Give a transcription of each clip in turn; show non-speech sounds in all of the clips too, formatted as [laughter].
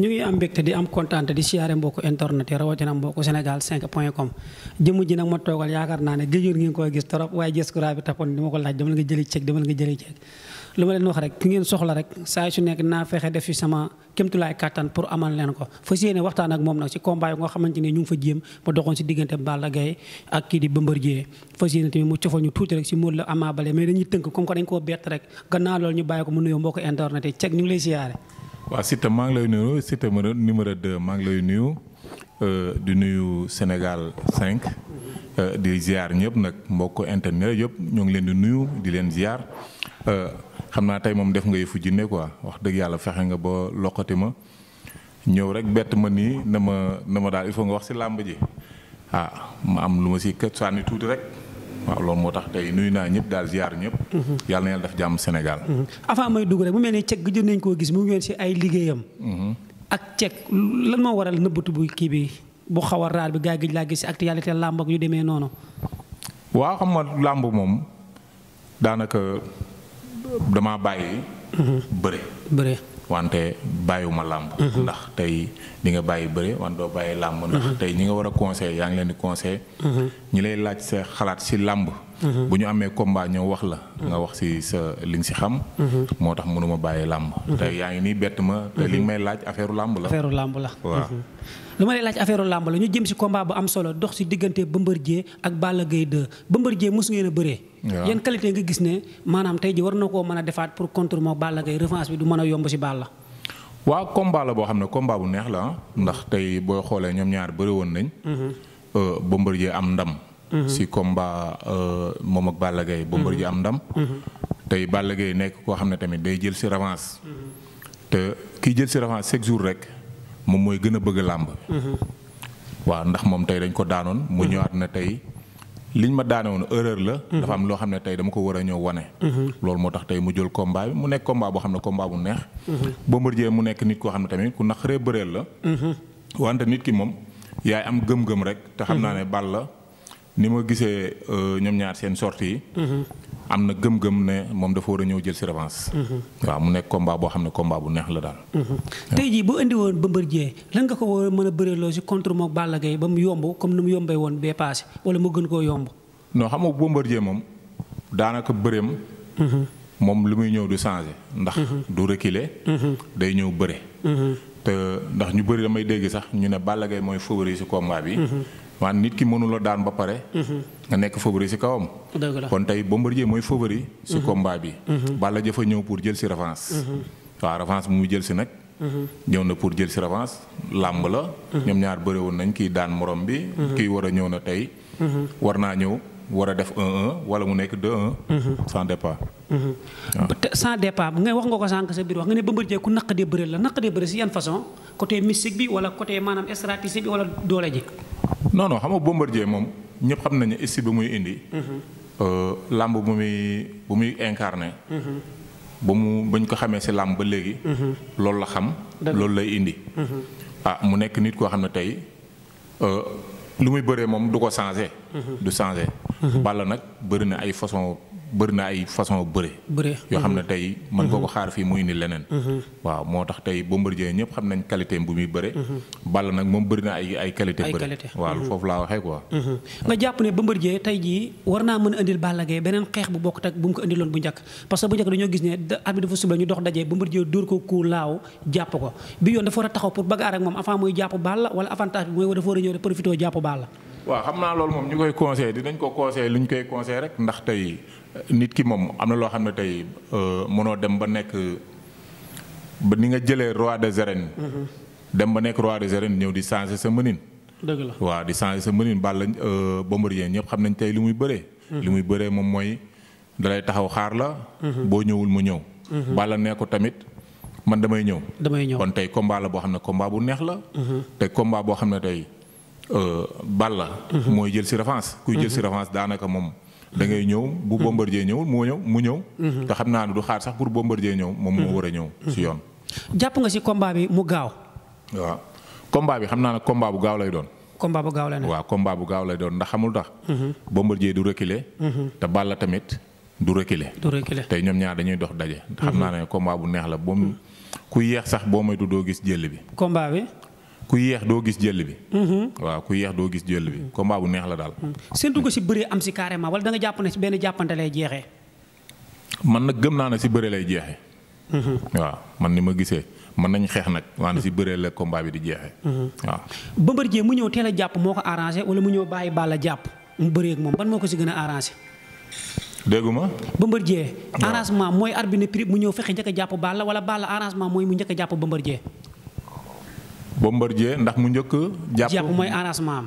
ñu ngi am mbégte di am kontaan di siyaare mbokku internet yi rawatina mbokku Sénégal 5 point com jëmm ji nag ma toogal yaakaar naa ne gëjoon ngeen koy gis trop waaye gis kuraa bi taxoon di ma ko laaj dama la nga jëli ceeg dama lu ma leen wax rek ki ngeen soxla rek saa su nekk naa fexe def fi sama kémtulaay kàttan pour amal leen ko fas yéene waxtaan ak moom nag si combat yi nga xamante ne ñu ngi fa jéem ba doxoon si diggante Balla Gaye ak kii tuuti rek si Modou Lo Ama Baldé mais dañuy tënk comme que dañ koo bett rek waaw Siteu maa ngi lay nuyu Siteu numéro 2 maa ngi lay nuyu euh, di nuyu Sénégal 5 euh, di ziar ñëpp nag mbokk internet yëpp ñoo ngi leen di nuyu di leen ziar euh, xam naa tey moom def nga yëfu jinne quoi wax dëgg yàlla fexe nga ba loqati ma ñëw rek bett ma nii na ma na ma daal il faut nga wax si làmb ji ah ma am lu ma si kët sànni tuuti rek. waaw loolu moo tax tey nuyu naa ñëpp daal ziar ñëpp. Mhm. yàlla na yàlla def jàmm Sénégal. Mhm. avant may dugg rek mu mel ni cek gëj nañ koo gis mu ngi woon si ay liggéeyam. Mhm. ak cek lan moo waral nëbbatu bu kii bi bu xaw a raar bi gaa gëj laa gis actualité làmb ak yu demee noonu. waaw xam nga làmb moom daanaka damaa bàyyi. bëre bëre. wante bàyyiwuma làmb mhm. ndax tey di nga bàyyi bëre wante doo bàyyi làmb ndax mhm. tey ñi nga war a conseil yaa ngi leen di conseil mhm. ñi lay laaj sa xalaat si làmb Mm-hmm. bu ñu amee combat ñu wax la mm-hmm. nga wax si sa li nga si xam mm-hmm. motax tax mënuma bàyyi lamb da ya ngi ni bett ma te li may laaj affaire lamb la affaire lamb la luma lay laaj affaire lamb la ñu jëm si combat bu am solo dox digënté bëmbër jé ak Balla gey de bëmbër jé ngeen ngeena bëré yeen qualité nga gis né manam tay ji war nako mëna défaat pour contre mo Balla gey revanche bi du mëna yomb ci Balla wa combat la bo xamné combat bu neex la ah. ndax tay xolé ñom ñaar bëré won nañ jé euh, am ndam Mm-hmm. si combat euh, moom ak Balla Gaye Bombardier am mm-hmm. ndam. Mm-hmm. tey Balla Gaye nekk koo xam ne tamit day jël si revanche. te kiy jël si revanche chaque jour rek moom mooy gën a bëgg làmb. waaw ndax moom tey dañ ko daanoon. mu ñëwaat na tey liñ ma daane woon erreur la. dafa am loo xam ne tey dama ko war a ñëw wane. loolu moo tax tey mu jël combat mu nekk combat boo xam ne combat bu neex. jee mu nekk nit koo xam ne tamit ku ree bëreel la. wante nit ki moom yaay am gëm rek. te xam naa ne Balla. ni ma gisee euh, ñoom ñaar seen sortie yi. Mhm. am na gëm-gëm ne moom dafa war a ñëw jël si revanche. Mhm. waaw mu nekk combat boo xam ne combat bu neex la daal. Mhm. tey jii boo indi woon Bombardier lan nga ko war a mën a bëreloo si contre moom Balla Gaye ba mu yomb comme ni mu yombee woon bee paase wala mu gën koo yomb. noo xam nga Bombardier moom daanaka bëreem. moom lu muy ñëw du changer. ndax du reculer. day ñëw bëre. te ndax ñu bëri damay dégg sax ñu ne Balla gay mooy favori si bi. maanaam nit ki mënula daan ba pare. Mhm. nga nekk favori si kawam. kon tey Bombardier mooy favori. si mhm. combat bi. Mhm. Balla Gaye fa ñëw pour jël si revanche. waaw revanche bu muy jël si nag. ñëw na pour jël si revanche làmb la. ñoom ñaar bëre nañ kii daan morom bi. kii war a ñëw na tey. war naa ñëw war a def 1-1 mu nekk 2-1. sans départ. sans départ bu nga wax nga ko sànq sa biir wax nga ne Bombardier ku naq dee bëre la naq dee bëre si yan façon côté mystique bi non non xam nga Bombardier moom ñëpp xam nañu ne style bi muy indi. Mhm. Euh, làmb bu muy bu muy incarné. Mhm. ba mu bañ ko xamee si làmb ba léegi. Mhm. loolu la xam. loolu lay indi. ah mu nekk nit koo xam ne tey euh, lu muy bëree moom du ko changé. du changé. Balla nag bëri na ay façon bëri na ay façon bëre. bëre yoo xam ne mhm. tey mën nga ko mhm. xaar fii muy ni leneen. Mhm. waaw moo tax tey Bombardier ñëpp xam nañ qualité bu muy bëre. Balla nag moom bëri na ay ay bëre waaw foofu laa waxee quoi. nga jàpp ne Bombardier tey jii war naa mën a indil Balla Gaye beneen xeex bu bokk ak bu mu ko indiloon bu njëkk parce que bu njëkk dañoo gis ne at bi dafa suble ñu dox dajee Bombardier dóor ko ku laaw jàpp ko bi yoon dafa war a taxaw pour bagarre waaw xam naa loolu moom ñu koy conseillé dinañ ko conseillé lu ñu koy conseillé rek ndax tey euh, nit ki moom am na loo xam ne tey euh, mënoo dem ba nekk ba ni nga jëlee roi de arènes. Mhm. dem ba nekk roi des arènes ñëw di changer sa mënin. dëgg la waaw di changer sa mënin Balla euh, Bombardier ñëpp xam nañ tey lu muy bëree. Mhm. lu muy bëree moom mooy dalay taxaw xaar la. Mhm. boo ñëwul mu ñëw. Balla nee ko tamit man damay ñëw. damay ñëw kon tey combat la boo xam ne combat bu neex la. te combat boo xam ne tey. Euh, la mooy jël si revanche. kuy jël si revanche daanaka moom. da ngay ñëw bu Bombardier ñëwul moo ñëw mu ñëw. Mhm. xam naa ne du xaar sax pour Bombardier ñëw moom moo mhm. war a ñëw. yoon. Mhm. jàpp nga si combat bi mu gaaw. waaw combat bi xam naa ne combat bu gaaw lay doon. combat gaaw lay doon waaw bu gaaw lay doon ndax xamul tax. Bombardier du reculer. te Balla tamit du reculer. du reculer tey ñoom ñaar dañuy dox daje. xam naa ne combat bu neex la boom ku yéex sax boo moytu doo gis jël bi. combat bi. ku yéex doo gis jël bi. Mhm. waaw ku yéex doo gis jël bi mhm. combat bu neex la daal. séntu ko si bëree am si carrément wala da jàpp ne si benn jàppante lay jeexee. man nag gëm naa ne si bëre lay jeexee. Mhm. waaw man ni ma gisee mën nañ xeex nag maanaam si bëree la combat bi di jeexee. waaw mu ñëw teel a jàpp moo ko arrangé wala mu ñëw bàyyi Balla jàpp mu bëree moom ban moo ko si gën a arrangé. dégguma Bombardier arrangement mooy arbitre mu ñëw fexe njëkk a jàpp Balla wala Balla arrangement mooy mu njëkk jàpp jàpp Bombardier Bombardier ndax mu njëkk jàpp mooy arrangement am.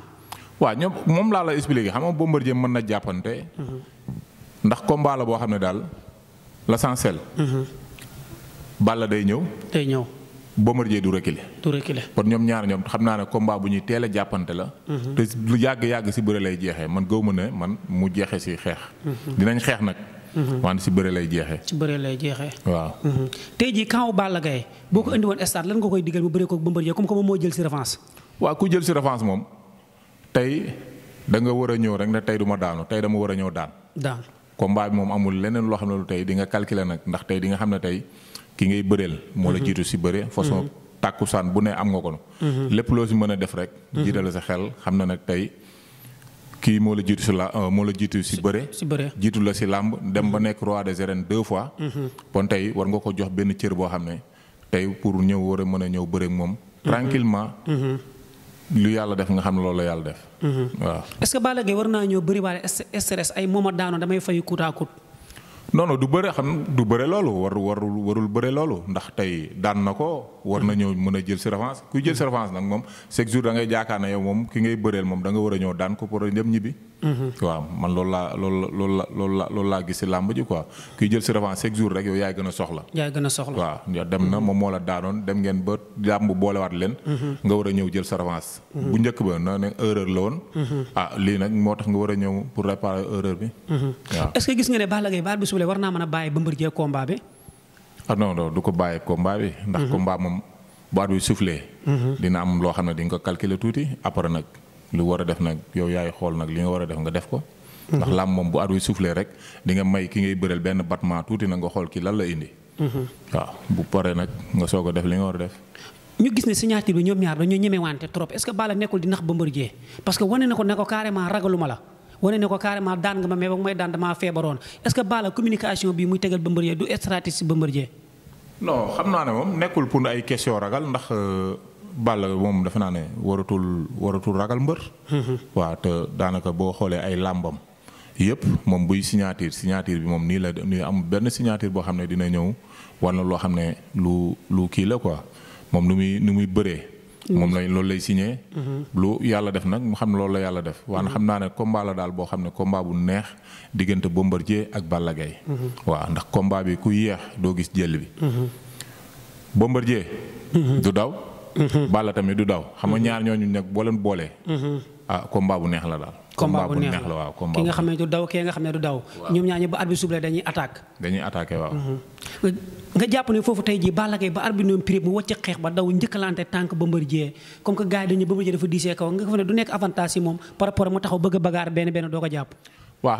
waaw ñoom moom laa la expliqué xam nga Bombardier mën na jàppante. Mhm. ndax combat la boo xam ne daal l'essentiel. Mhm. Balla day ñëw. day ñëw. Bombardier du reculer. du reculer kon ñoom ñaar ñoom xam naa ne combat bu ñuy teel a jàppante la. Mhm. te lu yàgg yàgg si bëre lay jeexee man gëw ma ne man mu jeexee si xeex. dinañ xeex nag. Mhm. wante si bëre lay jeexee. si bëre lay jeexee. waaw. Mhm. tey jii kaw Balla Gaye boo ko indi woon stade nga koy digal mu bëree ko Bombardier comme que moom moo jël si revanche. waaw ku jël si revanche moom tey da nga a ñëw rek ne tey du daanu tey dama war a ñëw daan. daan combat moom amul leneen loo xam ne lu tey di nga calculer nag ndax tey di nga xam ne tey ki ngay bëreel. moo la mhm. jiitu si bëre façon tàkkusaan bu ne am nga ko. lépp loo si mën a kii moo la jiitu si la euh, moo la jiitu si bëre. si bëre jiitu la si làmb dem ba nekk roi des arènes deux fois. kon mhm. tey war nga ko jox benn cër boo xam ne tey pour ñëw war a mën a ñëw bëre moom. Mhm. tranquillement mhm. lu yàlla def nga xam loolu yàlla def. waaw est-ce que Balla Gaye daanoo damay fay kuut noonu du bëre xam du bëre loolu warul warul warul bëre loolu ndax tey daan na ko war na ñëw mën a jël si revanche kuy jël si revanche moom chaque jour da ngay jaakaar ne yow moom ki ngay bëreel moom danga nga war a ñëw daan ko pour a ñëpp ñibbi. Mm-hmm. waaw man loolu laa loolu la loolu la loolu la loolu laa gis si làmb ji quoi kuy jël si revanche chaque jour rek yow yaay gën a soxla. yaay gën a soxla waaw dem na moom moo la daanoon dem ngeen ba làmb boolewaat leen. Mm-hmm. nga war a ñëw jël sa revanche. Mm-hmm. bu njëkk ba na ne erreur la woon. ah lii nag moo tax nga war a ñëw pour réparer erreur bi. waaw est-ce que gis nga ne Balla Gaye baal bi suble war naa mën a bàyyi Bombardier combat bi. ah non non du ko bàyyi bi. ndax combat moom bu at bi soufflé. dina am loo xam ne di nga ko calculer tuuti après nag. lu wara def nak yow yaay xol nak li nga wara def nga def ko. ndax lam mom bu adu soufflé rek di nga may ki ngay beurel ben battement touti na nga xol ki lan la indi. Mhm. wa bu paree nak nga soog def li nga wara def. ñu gis ni signature bi ñom ñaar dañu ñëmé wante trop est-ce que bala nekul di nax ba mbeur jé parce que wane nako nako carrément ragaluma la wane nako carrément dan nga ma mais ba may dan dama fébaron est-ce que bala communication bi muy tégal ba mbeur jé du stratégie ba mbeur jé non xamna né mom nekul pour ay question ragal ndax euh, Balla moom dafa naa ne waratul waratul ragal mbër. waa te daanaka boo xoolee ay làmbam yëpp moom buy signature signature bi moom nii la nii am benn signature boo xam ne dina ñëw war na loo xam ne lu lu kii la quoi moom nu muy nu muy bëree. moom lañ loolu lay signé. Mhm. lu yàlla def nag mu xam ne loolu la yàlla def. waaw xam naa ne combat daal boo xam ne combat bu neex diggante Bombardier ak Balla Gaye. Mhm. waaw ndax combat ku yéex doo gis jël bi. Mhm. Bombardier. du daw. Balla tamit du daw xam nga ñaar ñooñu nag boo leen boolee. ah combat bu neex la daal. combat bu neex la waaw combat bu neex la ki nga xam ne du daw kee nga xam ne du daw. ñoom dañuy attaque. dañuy attaqué waaw. nga jàpp ne foofu tey jii Balla Gaye ba arbitre ñoom prix mu wàcc xeex ba daw njëkkalante tànk Bombardier comme que gars yi dañu Bombardier dafa diisee kaw nga xam ne du nekk avantage si moom par rapport mu taxaw bëgg a bagaar benn benn doo ko jàpp. waaw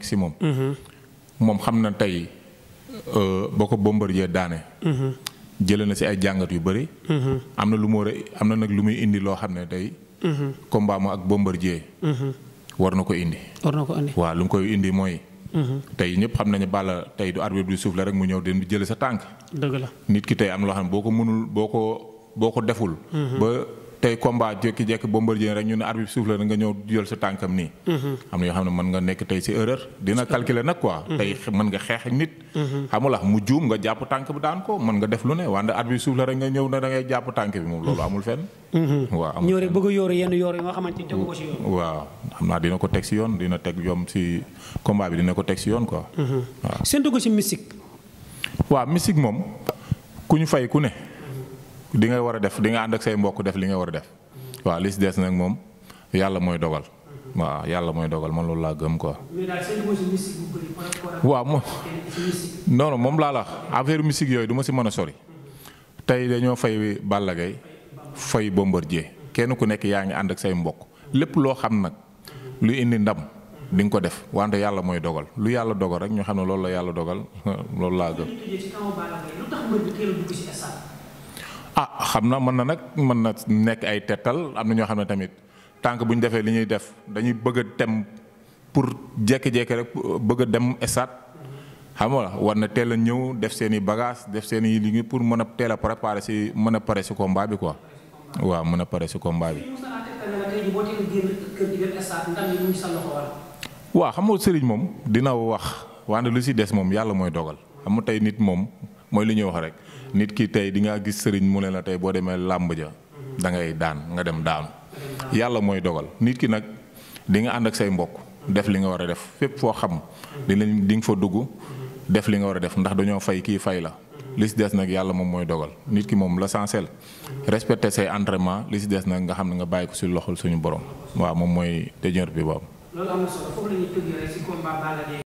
xamoo moom xam na tey euh, boo ko Bombardier daane. Mhm. jële na si ay jàngat yu bëri. Mhm. am na lu mu am na nag lu muy indi loo xam ne tey. Mhm. combat ma ak Bombardier. war na ko indi. war na ko indi waaw lu mu koy indi mooy. tey ñëpp xam nañu Balla tey du arbitre bi suuf la rek mu ñëw di jëlee sa tànk. la nit ki tey am loo xam ne boo ko mënul boo ko boo ko deful. ba tay combat jékki-jékki Bombardier rek ñu ne arbitre souffle nga ñëw jël sa tankam ni mhm. amna yo xamne man nga nek tay ci erreur. dina calculer nak quoi. Mhm. tay man nga xex ak nit. Mhm. xamula mu joom nga japp tank bu daan ko man nga def lu ne wante arbitre souffle rek nga ñew na da ngay japp tank bi moom lolu amul fenn. wa amul ñëw rek bëgg a yenn yóor nga xamanteni ni ko ci yoon. wa amna dina ko tek ci yoon dina tek yom ci combat bi dina ko tek ci yoon quoi. sentu ko ci si mystique. waaw mystique moom ku fay ku ne di nga wara def di nga ànd ak say mbokk def li nga wara def wa li si des mom moom yàlla dogal wa yalla moy dogal man loolu la gëm quoi. wa mo non mom la la affaire musique yoy duma ci si sori tay dañu fay Balla Gaye fay Bombardier kenn ku nek yaangi ngi ak say mbokk lepp lo xam nak lu indi ndam di nga ko def wante yalla moy dogal lu yalla dogal rek ñu xam ne loolu la yalla dogal [laughs] loolu la gëm. ah xam na mën na nag mën na nekk ay tetal am na ñoo xam ne tamit tànk bu ñu defee li ñuy def dañuy bëgg a dem pour jékki-jékki rek bëgg a dem stade xam nga war na teel a ñëw def seen i bagage def seen i liggéey pour mën a teel a préparer si mën a pare si combat bi waaw mën a pare si combat bi. waaw xam nga sëriñ moom dina wax wante lu si des moom yàlla mooy dogal xam tey nit moom mooy lu ñuy wax rek. nit ki tey di gis sëriñ mu ne la tey boo demee làmb ja da ngay daan nga dem daanu yàlla mooy dogal nit ki nag di nga ànd ak say mbokk def li nga war a def fépp foo xam di lañ di nga fa dugg def li nga war a def ndax dañoo fay kii fay la li si des nag yàlla moom mooy dogal nit ki moom la l'essentiel respecter say entrement li si des nag nga xam ne nga bàyyi ko si loxol suñu borom waa moom mooy dëjër bi boobu